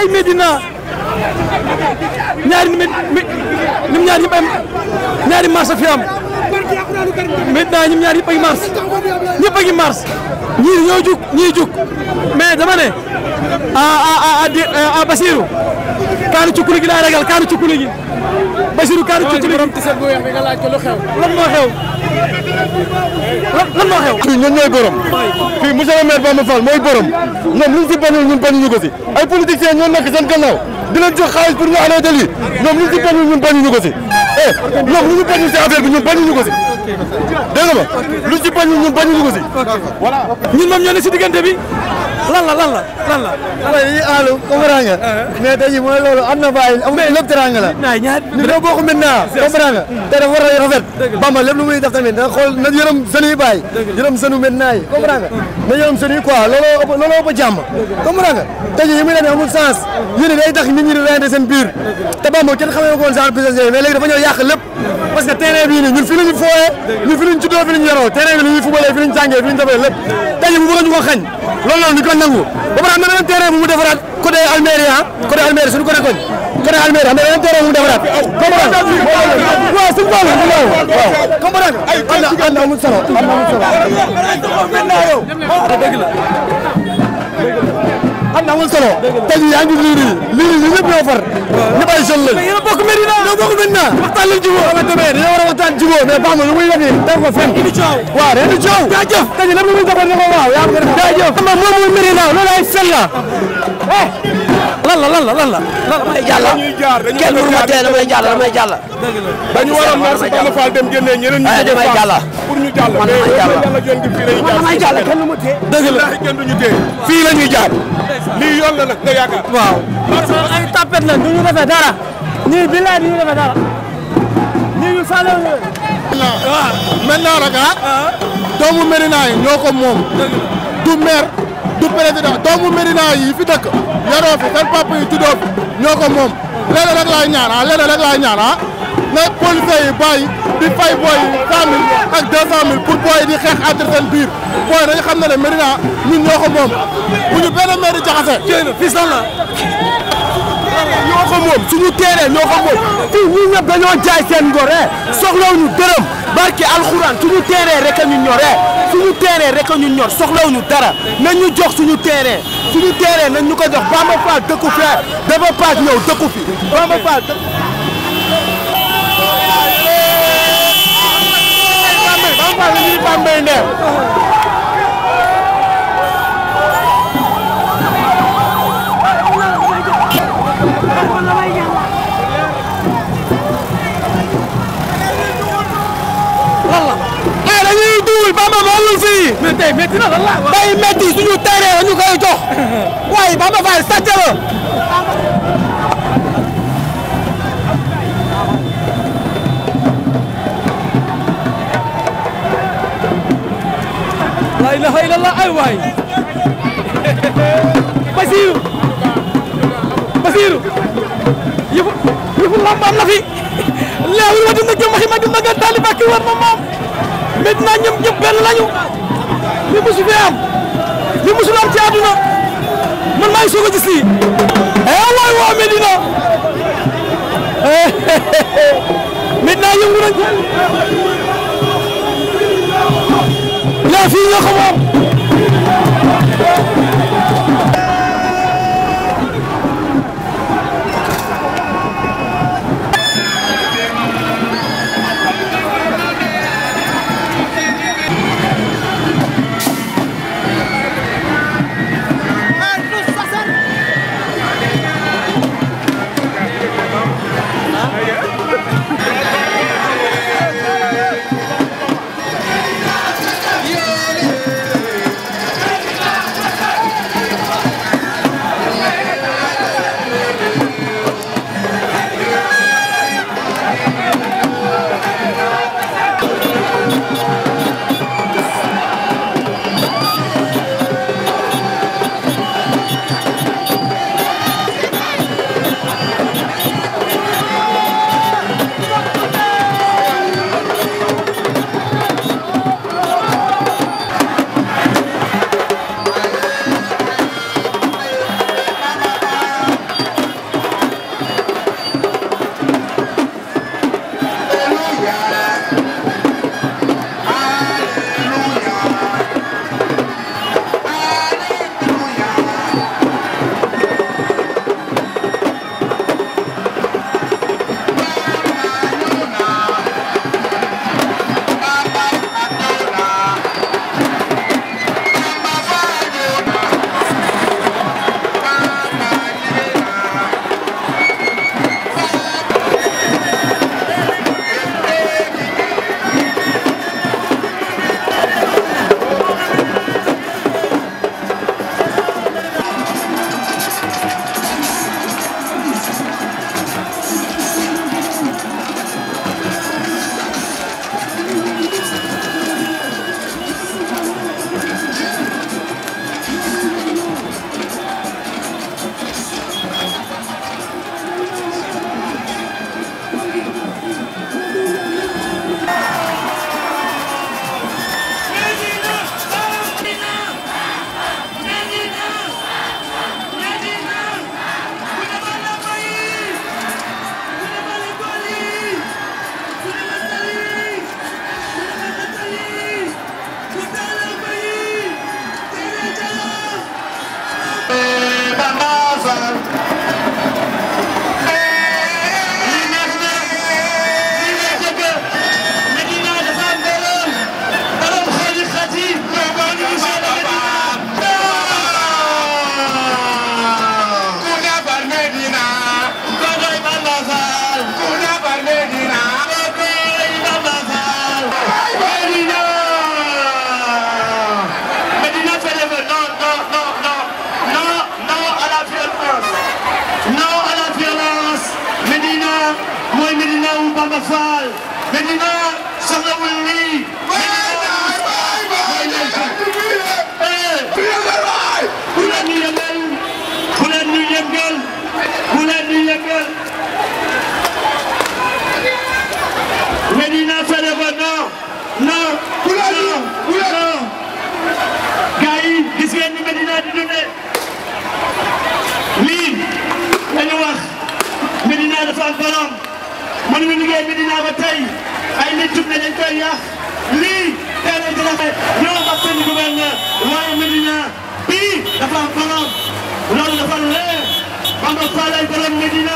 ay Medina ñaari ñoom ñaari ñëpp ay ñaari mars a fi am Medina ñoom ñaari ñëpp ay mars ñëpp a mars ñii ñoo jug ñii jug mais dama a a a a Basiru kaanu cukkulu gi laa ragal kaanu cukkulu gi Bassirou Kaarou Cucci bi borom tiset bu weex bi nga laaj ko lu xew. lan moo xew. lan lan moo xew. fii ñun ñooy borom. fii monsieur le maire Bamba Fall mooy borom ñoom luñ si bañul ñun bañuñu ko si. ay politiciens ñoo nekk seen gannaaw di leen jox xaalis pour ñu arrêté lii ñoom luñ si bañul ñun bañuñu ko si. eh ñoom lu ñu bañul si affaire bi ñun bañuñu ko si. dégg nga ma luñ si bañul ñun bañuñu ko si. voilà ñun moom ñoo ne si diggante bi. lan la lan la lan la. mooy dañuy aalu comprends nga. Ah. mais tey jii mm. te dafa war a rafet. Bamba lépp lu muy def tamit na yërëm seen i bàyyi. yërëm seenu yi comprends nga. Mm. na yërëm seen i quoi looloo ëpp looloo ëpp jàmm. comprends nga tey jii yi muy demee amul sens. yéen day tax nit ñi di reyante seen biir. te Bamba xamee ko woon genre business yooyu mais léegi dafa ñëw yàq lépp parce que terrain bii nii ñun fi lañu fooyee ñun fi lañu juddoo fi yaroo terrain bi li ñuy fubalee fi lañu jàngee fi lañu defee lépp tey bu ñu ko xañ loolu noonu ñu ko nangu ba pare am na beneen terrain bu mu defaraat côté Almeria côté Almeria suñu côté koñ côté Almeria am na beneen terrain bu mu defaraat waaw suñu bool waaw waaw comprendre am na amul solo am am na amul solo tey yaa ngi liir yi liir yi ñëpp ñoo far ñëpp ay jeune lañ yéen bokk Medina ñoo bokk Medina waxtaan lañ jubóo ama demee dañoo war a waxtaan jubóo mais baax na lu muy def nii ko fenn indi coow waaw indi coow jaajëf tey lépp lu muy defoon yaa ma ko def jaajëf xam nga moom mooy Medina lan la lan la lan la damay jàll kenn mënu ma tee damay ma damay jàll dañu waroon naa si Bamba Fall dem génne ñeneen ñu damay jàll pour ñu jàll man damay jàll man damay jàll kenn mu tee la kenn duñu tee fii la ñuy jaar lii yoon la nag nga waaw parce que ay tapet la duñu defee dara ñii billaay duñu defee dara ñii ñu sale waaw maintenant ah, ah. doomu Médina ñoo ko moom du maire du président doomu Médina yi fi dëkk yaroo fi seen papa yi juddoo fi ñoo ko moom leneen rek laay ñaan ah leneen laay ñaan ah, na policiers yi bàyyi di fay booy yi cent mille ak deux cent booy di xeex entre biir booy dañu xam ne ne Médina ñun moom bu ñu benn maire jaxase. fii sax la. ñoo ko moom suñu teeree ñoo moom fii ñun ñëpp dañoo jaay seen ngor eh. soxlawuñu dërëm. barke alxuraan suñu terrain rek a ñu ñoree suñu terrain rek a ñu ñor soxlawuñu dara nañ ñu jox suñu terrain suñu terrain nañ ñu ko jox Bamba Fall dëkku fi Bamba Fall ñëw dëkku fi Bamba Fall Bamba Fall méttiwul Bamba moomul fii. mais tey métti na lan la wax. day métti suñu terrain la ñu koy jox waaye Bamba Fall sàcc la. la ilaha illallah ay waay Basiru Basiru yëfu yëfu lamb am na fi léewul ma dina jëm xi ma dina nga tali bakki war ma moom maintenant ñoom ñëpp benn lañu li musu fi am musu am ci àdduna maa ngi soog a gis lii eh waay waa Medina eh, maintenant yëngu nañ yaa fii nga yëngal Médina Félèbe non non non non gars yi gis ngeen ni Médina di dundee lii dañu wax Médina dafa am borom man mi liggéey Médina ba tey ay nit jug ne dañ koy yàq lii teel a dina fay ñoo wax seen gouverneur waaye Médina bii dafa am borom loolu dafa leer xam nga Falaye borom Medina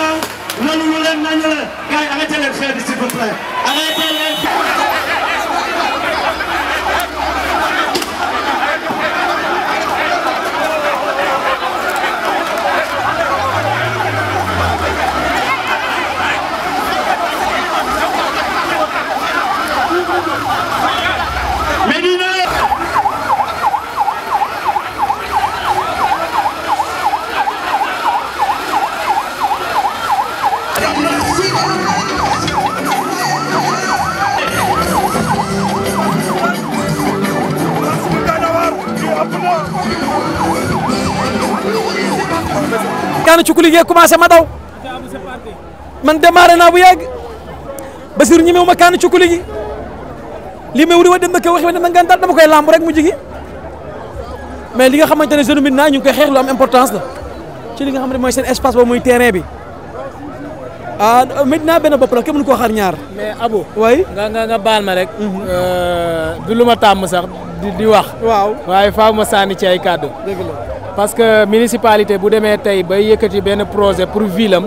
loolu lu leen nañu la gars yi arrêtez leen xeetu s'il vous plaît arrêtez leen daanu ci kulig commencé ma daw man démarré na bu yàgg Basiru ñemewu ma kaanu ci li may wuri wa dem na ko wax ne ma ngan daal dama koy làmb rek mu jigi mais li nga xamante ne zone bi naa ñu ngi koy xeex lu am importance la ci li nga xam ne mooy seen espace boobu muy terrain bi ah maintenant benn bopp la kenn mënu koo xar ñaar. mais Abo. waay nga nga nga baal ma rek. Mhm. Euh, du lu ma tàmm sax di wax. waaw waaye ma sànni ci ay kàddu. dëgg parce que municipalité bu demee tey bay yëkkati benn projet pour ville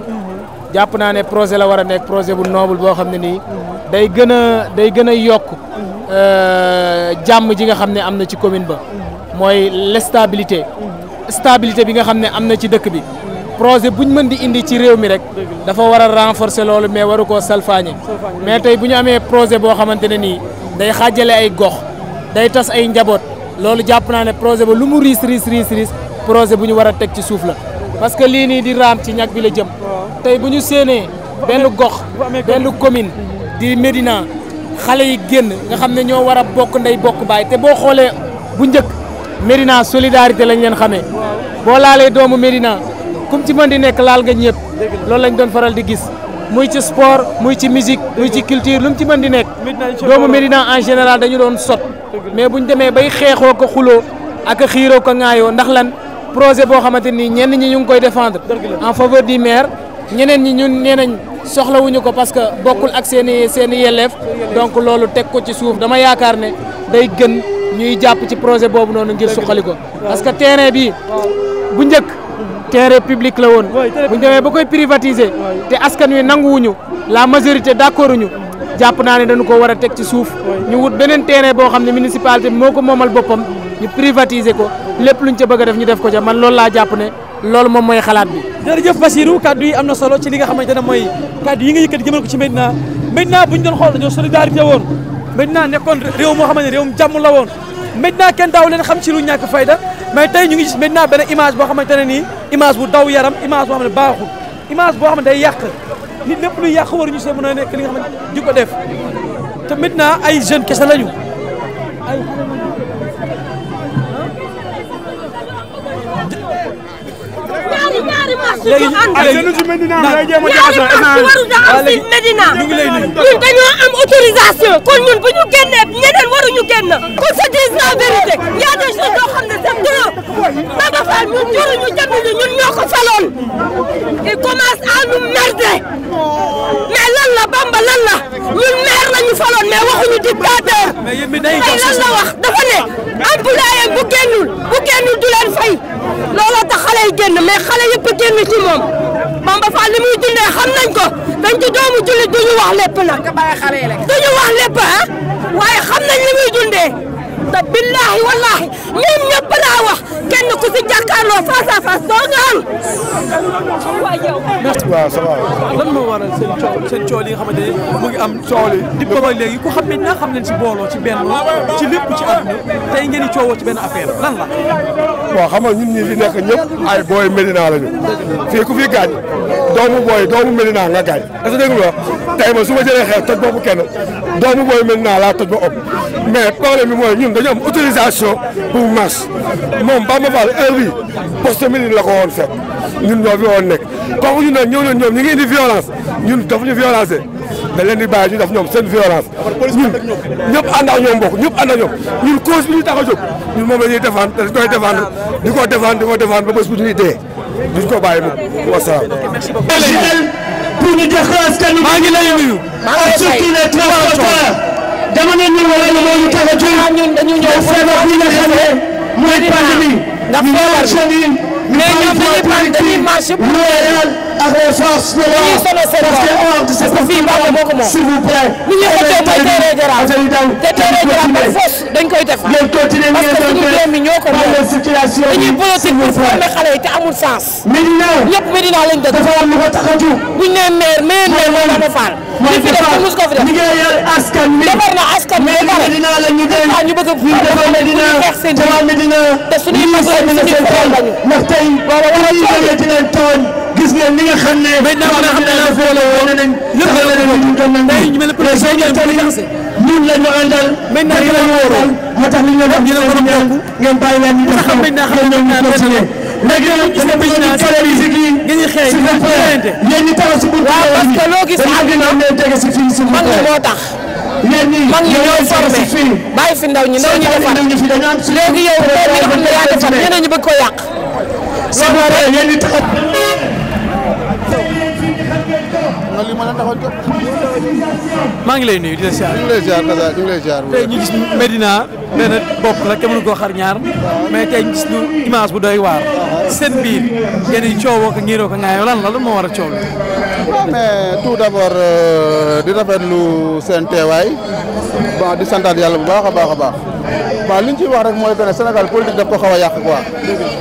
jàpp naa ne projet la war a nekk projet bu noble boo xam ne nii day gën a day gën a yokk euh, jàmm ji nga xam ne am na ci commune ba mooy le stabilité bi nga xam ne am na ci dëkk bi projet bu buñ mën di indi ci réew mi rek dafa war a renforcer loolu mais waru koo salfaañe mais tey bu ñu amee projet boo xamante ne nii day xaajale ay gox day tas ay njaboot loolu jàpp naa ne projet ba lu mu riis projet bu ñu war a teg ci suuf la parce que lii nii di raam ci ñag bi la jëm tey bu ñu séenee benn gox benn commune di Médina xale yi génn nga xam ne ñoo war a bokk ndey bokk baay te boo xoolee bu njëkk Médina solidarité lañ leen xamee boo laalee doomu Médina kum ci mën di nekk laal nga ñëpp loolu lañ doon faral di gis muy ci sport muy ci musique muy ci culture lu ci mën di nekk doomu Médina en général dañu doon sot mais bu ñu demee bay xeexoo ko xuloo ak a ko ŋaayoo ndax lan projet boo xamante nii ñenn ñi ñu ngi koy défendre en faveur di maire ñeneen ñi ñun nee nañ soxlawuñu ko parce que bokkul ak seen seen i yelleef donc loolu teg ko ci suuf dama yaakaar ne day gën ñuy jàpp ci projet boobu noonu ngir suqali ko parce que terrain bi bu njëkk terrain public la woon bu ñu ba koy privatiser te askan wi nanguwuñu la majorité d'accorduñu jàpp naa ne dañu ko war a teg ci suuf ñu wut beneen terrain boo xam ne municipalité moo ko moomal boppam ñu ko lépp luñ ca bëgg def ñu def ko ca man loolu laa jàpp ne loolu moom mooy xalaat bi. jërëjëf Bassirou kaddu yi am na solo ci li nga xamante ne mooy kaddu yi nga yëkkati jëmale ko ci Medina Medina bu ñu doon xool dañoo solidarité woon Medina nekkoon réew moo xamante ne la woon Medina kenn daaw xam ci lu ñàkk fayda mais tey ñu ngi gis Medina benn image boo xamante ne nii image bu daw yaram image boo xam ne baaxul image boo xam ne day yàq nit lépp luy yàq waruñu see mën a nekk li nga xamante ko def te Medina ay jeune kese lañu ay léegi ñu si Medina am lay jéem a ñun dañoo am autorisation kon ñun bu ñu génnee ñeneen waruñu génn. kon c'est la vérité y a des choses yoo xam ne c'est trop. Baba Fall ñun juruñu jënduñu ñun ñoo ko faloon il commence à nous merder mais lan la Bamba lan la ñun maire lañu faloon mais waxuñu dictateur tey lan la wax dafa ne employé bu génnul bu génnul du leen fay looloo tax xale yi génn mais xale yëpp génn ci moom Bamba Fall li muy dundee xam nañ ko dañ ci doomu jullit duñu wax lépp nag duñu wax lépp ah waaye xam nañ li muy dundee te billahi wallahi ñoom ñëpp laa wax kenn ku si jàkkaarloo face à face doo nga am. waaw ça va. lan moo waral seen coow seen coow yi nga xamante ne mu ngi am coow li. di ko léegi ku xam ne naa xam leen si booloo ci benn ci lépp ci àdduna tey ngeen di coowoo ci benn affaire lan la. waaw xam nga ñun ñi fi nekk ñëpp ay booy Medina lañu. fii ku fi gaañ doomu booy doomu Medina nga gaañ. parce que dégg nga tey ma su ma jëlee xeer toj boppu kenn. doomu booy maintenant laa toj ba ëpp mais problème bi mooy ñun dañu am autorisation pour marche moom Bamba Fall heure bi poste Médine la ko woon ñun ñoo fi woon nekk kooku ñu ne ñëw na ñoom ñu ngi indi violence ñun daf ñu violencé da leen ñu def ñoom seen violence ñun ñëpp ànd ak ñoom bokk ñëpp ànd ak ñoom ñun cause bi ñu tax a jóg ñun moom la ñuy défendre dañ koy défendre di koo défendre di ko défendre ba bés bu ñuy dee duñ ko bàyyi mu wasalaam pour ñu jox ko askan wi. maa ngi lay nuyu. maa ngi lay dama ne ñu wala ñu moo ñu tax a jóg. Ah, ñun dañu ñëw feebar bi nga xam ne mooy pandémie. ndax feebar bi ñu marché bi. ñu marché bi ak les forces de l'ordre parce que ordre c'est pour tout le monde s'il vous plaît. li ñuy xotee mooy teeree jaraaf te teeree jaraaf par force dañ koy def. ngeen continuer ngeen parce que suñu doom yi ñoo ko moom dañuy politique pour former xale yi te amul sens. Medina ñëpp Medina lañ dëkk. dafa am lu ko tax a jóg. buñ nee maire maire maire mooy Dama Fall. li fi def mos ko fi def. liggéeyal askan wi. defar na askan wi ba pare. Medina la ñu dem ñu bëgg a. ñu defar Medina defar Medina. te suñuy mag lañ suñuy xol lañu. ndax tey. waaw waaw waaw gis ngeen li nga xam ne. mbéy naa xam ne la foo la woo lépp la leen woo tey ñu mel ne président bi ñun la ñu àndal. mbéy naa la ñu wóoroo moo tax li ñu doon def ñu ñaan ngeen bàyyi leen ñu def xam ngeen ñoom ñu continué. léegi nag gis nga bu ñu paree musique yi. ngeen ñu xëy ñu xëyante yéen ñi taxaw si buntu waaw parce que a si fii si buntu moo tax. ñenn ñi ñoo formé bàyyi fi ndaw ñi ndaw ñi na li ma leen maa ngi lay nuyu di la ziar. ñu ngi lay ziar Kaza ñu Medina. benn bopp la kenn mënu koo xar ñaar mais tey gis lu image bu doy waar seen biir yéen i coowoo ko ngiiroo ko ngaayoo lan la moo war a coow mais tout d'abord euh, di lu seen teewaay bon di santaal yàlla bu baax a baax a baax waaw li ñu ciy wax rek mooy que ne Sénégal politique daf ko xaw a yàq quoi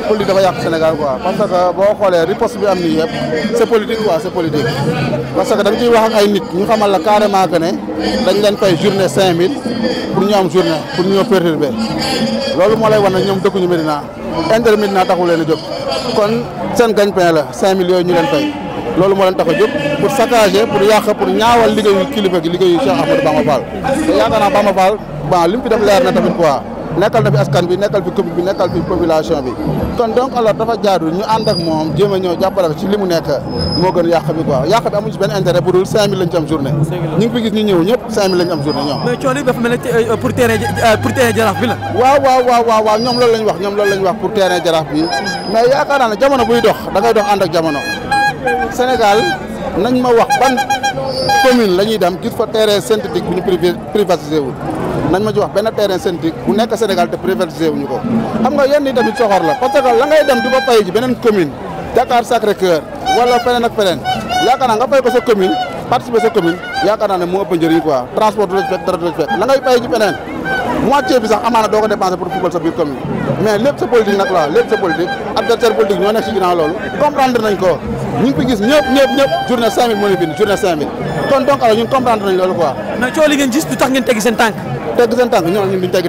politique dafa yàq Sénégal quoi parce que boo xoolee riposte bi am nii yëpp c'est politique quoi c'est politique parce que da nga wax ak ay nit ñu xamal la carrément que ne dañ leen fay journée 5000 pour ñu am journée pour perturbé loolu moo lay wan ne ñoom dëkkuñu Médina intérêt Médina taxu leen a jóg kon seen gagne-pain la cinq millions ñu leen fay loolu moo leen tax a jóg pour saccager pour yàq pour ñaawal liggéeyu kilifa gi liggéeyu Cheikh Ahmadou Bamba Fall te yaakaar naa Bamba Fall bon li mu fi na tamit quoi nekkal na fi askan bi nekkal fi bi nekkal population bi kon donc alors dafa jaadu ñu ànd ak moom jéem a ñëw jàppale ko ci li mu nekk moo gën yàq bi quoi yàq bi amuñ ci benn intérêt bu dul 5000 lañ ci am journée. ñu ngi gis ñu ñëw ñëpp 5000 lañ am journée ñoom. mais ne euh, pour terrain euh, bi la. waaw waaw waaw waaw ñoom loolu wax ñoom loolu lañ wax pour terrain jaraaf bi mais yaakaar jamono buy dox da ngay dox ànd ak jamono Sénégal nañ ma wax ban commune la ñuy dem gis fa terrain synthétique bu ñu privatisé wul nañ ma ci wax benn terrain synthétique Sénégal te privatisé wuñu ko xam nga yenn yi tamit soxor la parce que la ngay dem di ko fay ji beneen commune Dakar Sacré-Cœur wala feneen ak nga fay sa commune participer sa commune yaakaar naa ne moo ëpp njëriñ quoi transport du la fekk dara du la fekk moitié bi sax amaana doo ko dépensé pour football sa biir commune mais lépp sa politique nag la lépp sa politique adversaire politique ñoo nekk ci ginnaaw loolu comprendre nañ ko ñu ngi fi gis ñëpp ñëpp ñëpp journée 5000 moo ñu bind journée 5000 kon donc alors loolu quoi. mais coono li ngeen gis du tax ngeen teggi seen tànk. teggi seen tànk ñooñu duñ teggi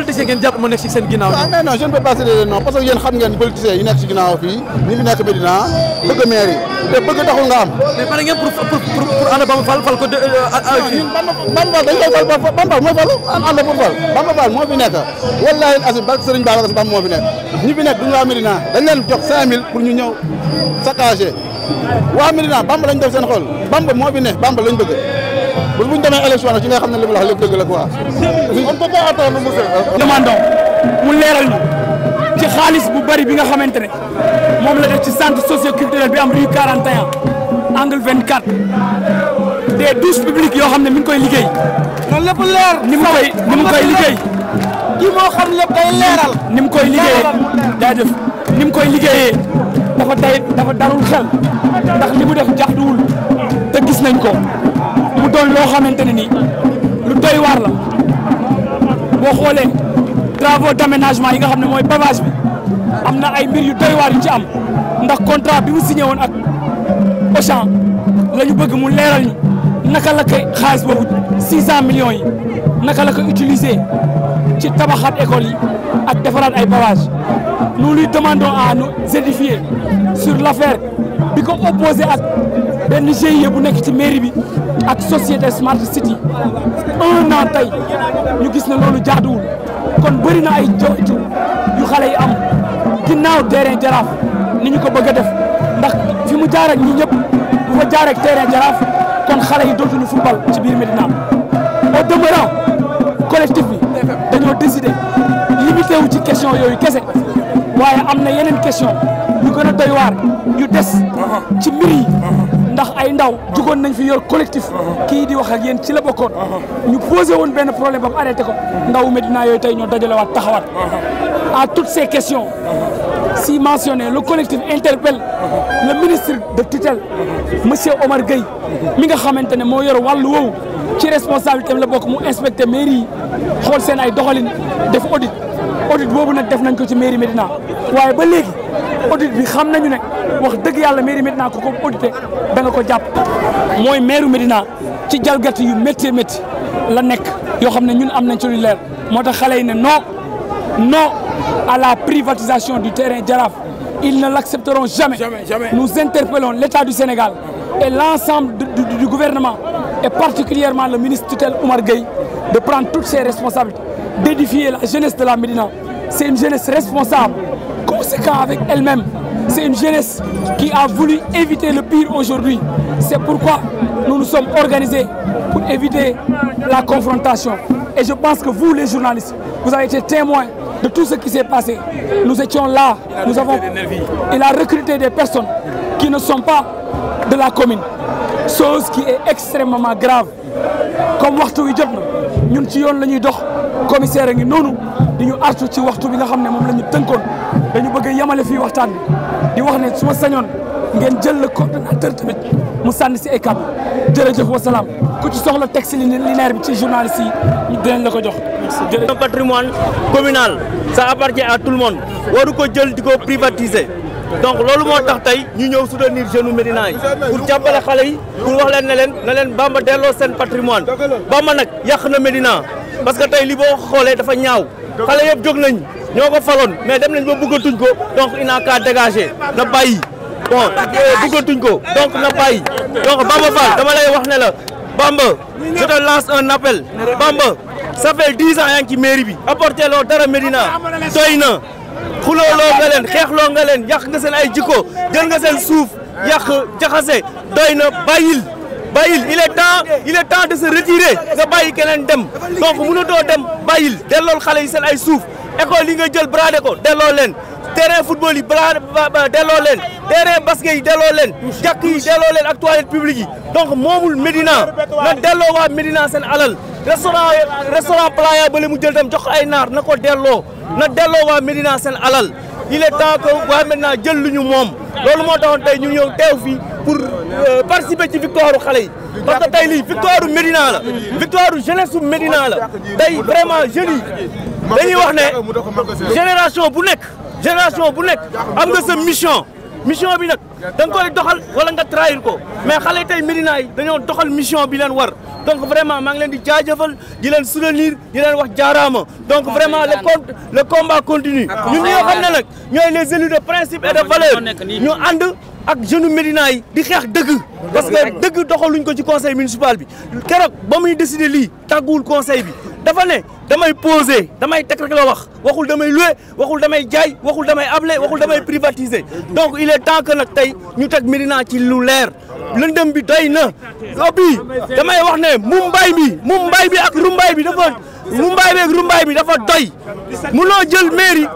politicien ngeen moo nekk ci seen ginnaaw. waaw ah, mais nekk ci ginnaaw fii ñi fi nekk Médina bëgg maire yi te bëgg taxul am. mais fal fal ko de. Euh, ñun fal moo fi nekk wallaahi asim barke Serigne Babacar Sy ban moo fi nekk ñi nekk duñu waa Médina dañ leen jox 5000 pour ñu ñëw saccagé waa Médina Bamba lañ def seen xol Bamba moo fi ne Bamba lañ bëgg bu bu ñu demee élection nag ci nga xam ne li mu wax lépp dëgg la quoi. on peut pas leeral ñu ci xaalis bu bari bi nga xamante ne moom la def ci centre socioculturel bi am rue 41 angle 24 de douches publiques yoo xam ne mi koy liggéey. loolu lépp leer. ni mu koy ni mu koy liggéey. kii moo xam lépp day leeral. ni mu koy liggéeyee jaajëf ni mu koy liggéeyee dafa tey dafa darul xel ndax li mu def jaxtuwul te gis nañ ko. mu doon loo xamante ne nii lu doy waar la boo xoolee travaux d'aménagement yi nga xam ne mooy pavage bi am na ay mbir yu doy yu ci am ndax contrat bi mu signé woon ak Auchan la bëgg mu leeral ñu naka la koy xaalis boobu 600 millions yi naka la ko utiliser ci tabaxaat école yi ak defaraat ay pavage nous lui demandons à nous édifier sur l'affaire bi ko opposé ak benn GIE bu nekk ci mairie bi ak société Smart City un an tey ñu gis ne loolu jaaduwul kon bëri na ay jooytu yu xale yi am ginnaaw terrain jaraaf ni ñu ko bëgg a def ndax fi mu jaar ak ñi ñëpp bu fa jaar ak terrain jaraaf kon xale yi dootuñu football ci biir Médina au demeurant collectif bi dañoo décider limité ci question yooyu kese waaye am na yeneen question histoire ñu des uh-huh. ci mbir uh-huh. ndax ay ndaw jugoon nañ fi yor collectif uh-huh. kii di wax ak yéen ci la bokkoon ñu posé woon benn problème ba mu arrêté ko ndaw Medina yooyu tey ñoo dajalewaat taxawaat à toutes ces questions si mentionné lu collectif interpel le ministre de tutelle monsieur Omar Gueye mi nga xamante ne moo yor wàllu woowu ci responsabilité la bokk mu inspecté mairie yi xool seen ay doxalin def audit audit boobu nag def nañ ko ci mairie Médina waaye ba léegi audit bi xam nañu ne wax dëgg yàlla mairie Médina ku ko audité da nga ko jàpp mooy maire Médina ci jalgati yu métti métti la nekk yoo xam ne ñun am nañ ci lu leer moo tax xale yi ne non non à la privatisation du terrain Jaraaf ils ne l'accepteront jamais. jamais, jamais. nous interpellons l'État du Sénégal et l'ensemble du, du, du gouvernement et particulièrement le ministre tutelle Oumar Gueye de prendre toutes ses responsabilités d'édifier la jeunesse de la Médina. C'est une jeunesse responsable, conséquente avec elle-même. C'est une jeunesse qui a voulu éviter le pire aujourd'hui. C'est pourquoi nous nous sommes organisés pour éviter la confrontation. Et je pense que vous, les journalistes, vous avez été témoins de tout ce qui s'est passé. Nous étions là, nous avons... Il a recruté des personnes qui ne sont pas de la commune. chose qui est extrêmement grave comme waxtu wi jot na ñun ci commissaire a ngi noonu di ñu artu ci waxtu bi nga xam ne moom la ñu tënkoon dañu bëgg a yemale fii waxtaan bi di wax ne su ma sañoon ngeen jël le coordonnateur tamit mu sànni si ay kàddu jërëjëf wasalaam ku ci soxla texte linéaire bi ci journaliste yi dinañ nga ko jox. jërëjëf patrimoine communal ça appartient à tout le monde waru ko jël di ko privatiser. donc loolu moo tax tey ñu ñëw soutenir jeunes Médina yi pour jàppale xale yi pour wax leen ne leen na leen Bamba delloo seen patrimoine Bamba nag yàq na Médina parce que tey li boo xoolee dafa ñaaw xale yëpp jóg nañ ñoo ko faloon mais dem nañ ba bëggatuñ ko donc il n'a qu'à dégager na bàyyi bon euh, ko donc na bàyyi donc Bamba Fall dama lay wax ne la Bamba je te lance un appel Bamba ça fait dix ans yaa bi apporté loo dara Médina doy na xulooloo nga leen xeexloo nga leen yàq nga seen ay jikko jël nga seen suuf yàq jaxase doy na bàyyil bàyyil il est temps il est temps de se retirer nga bàyyi keneen dem donc mënatoo dem bàyyil dellool xale yi seen ay suuf école yi nga jël bradé ko delloo leen terrain football yi bra delloo leen terrain basket yi delloo leen jàkk yi delloo leen ak toilette publique yi donc moomul Médina na delloo waa Médina seen alal restaurant restaurant Playa bale mu jël tam jox ay naar na ko delloo na delloo waa Médina seen alal il est temps que waa maintenant jël lu ñu moom loolu moo taxoon tey ñu ñëw teew fii pour euh, participer ci victoire xale yi parce que tey lii victoire u Médina la victoire u jeunesse u la tey vraiment jeunes yi dañuy wax ne génération bu nekk génération bu nekk am nga sa mission mission bi nag da nga koy doxal wala nga trahir ko mais xale tey Médina yi dañoo doxal mission bi leen war donc vraiment maa ngi leen di jaajëfal di leen soutenir di leen wax jaaraama donc vraiment le com le combat continue ñun ñoo xam ne nag ñooy les élus de principe et de valeur ñu ànd ak jeune Médina yi di xeex dëgg parce que dëgg doxaluñ ko ci conseil municipal bi keroog ba muy décider lii tàgguwul conseil bi dafa ne damay posé damay teg rek la wax waxul damay loué waxul damay jaay waxul damay ablé waxul damay privatiser donc il est temps que nag tey ñu teg Médina ci lu leer lëndëm bi doy na lobbi damay wax ne mumbaay bi mumbaay bi ak rumbaay bi dafa mumbaay bi ak rumbaay bi dafa doy munoo jël mairie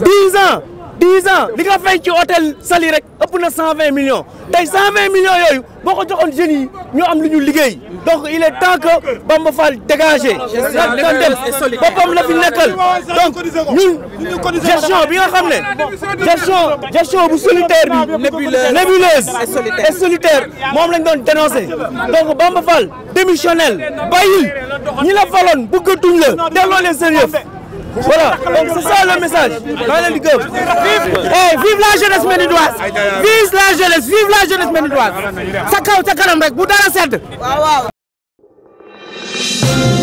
dix ans dix ans li nga fay ci hôtel Saly rek ëpp na cent vingt millions tey cent vingt boo ko joxoon jeunes yi am lu ñu liggéey donc il est temps que Bamba Fall dégagé la kan dem boppam la fi nekkal donc ñun gestion bi nga xam ne gestion gestion bu solitaire bi nébuleuse et solitaire moom lañ doon dénoncé donc Bamba Fall démissionnel bàyyil ñi la faloon bëggatuñ la delloo leen seen yëf Voilà, donc c'est ça le message. Dans le Ligue. Eh, vive la jeunesse ménidoise. Vive la jeunesse, vive la jeunesse ménidoise. Sa kaw ca kanam rek sedd.